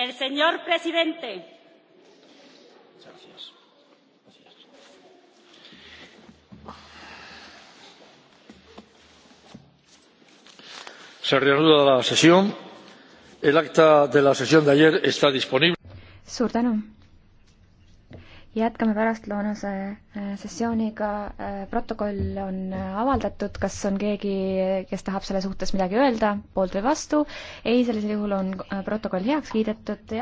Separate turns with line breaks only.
El señor presidente.
Gracias. Gracias.
Se reanuda la sesión. El acta de la sesión de ayer está disponible.
Suur tänu jätkame
pärastlõunase
äh, sessiooniga, äh, protokoll on äh, avaldatud, kas on keegi, kes tahab selle suhtes midagi öelda, poolt või vastu? ei, sellisel juhul on protokoll
heaks kiidetud ja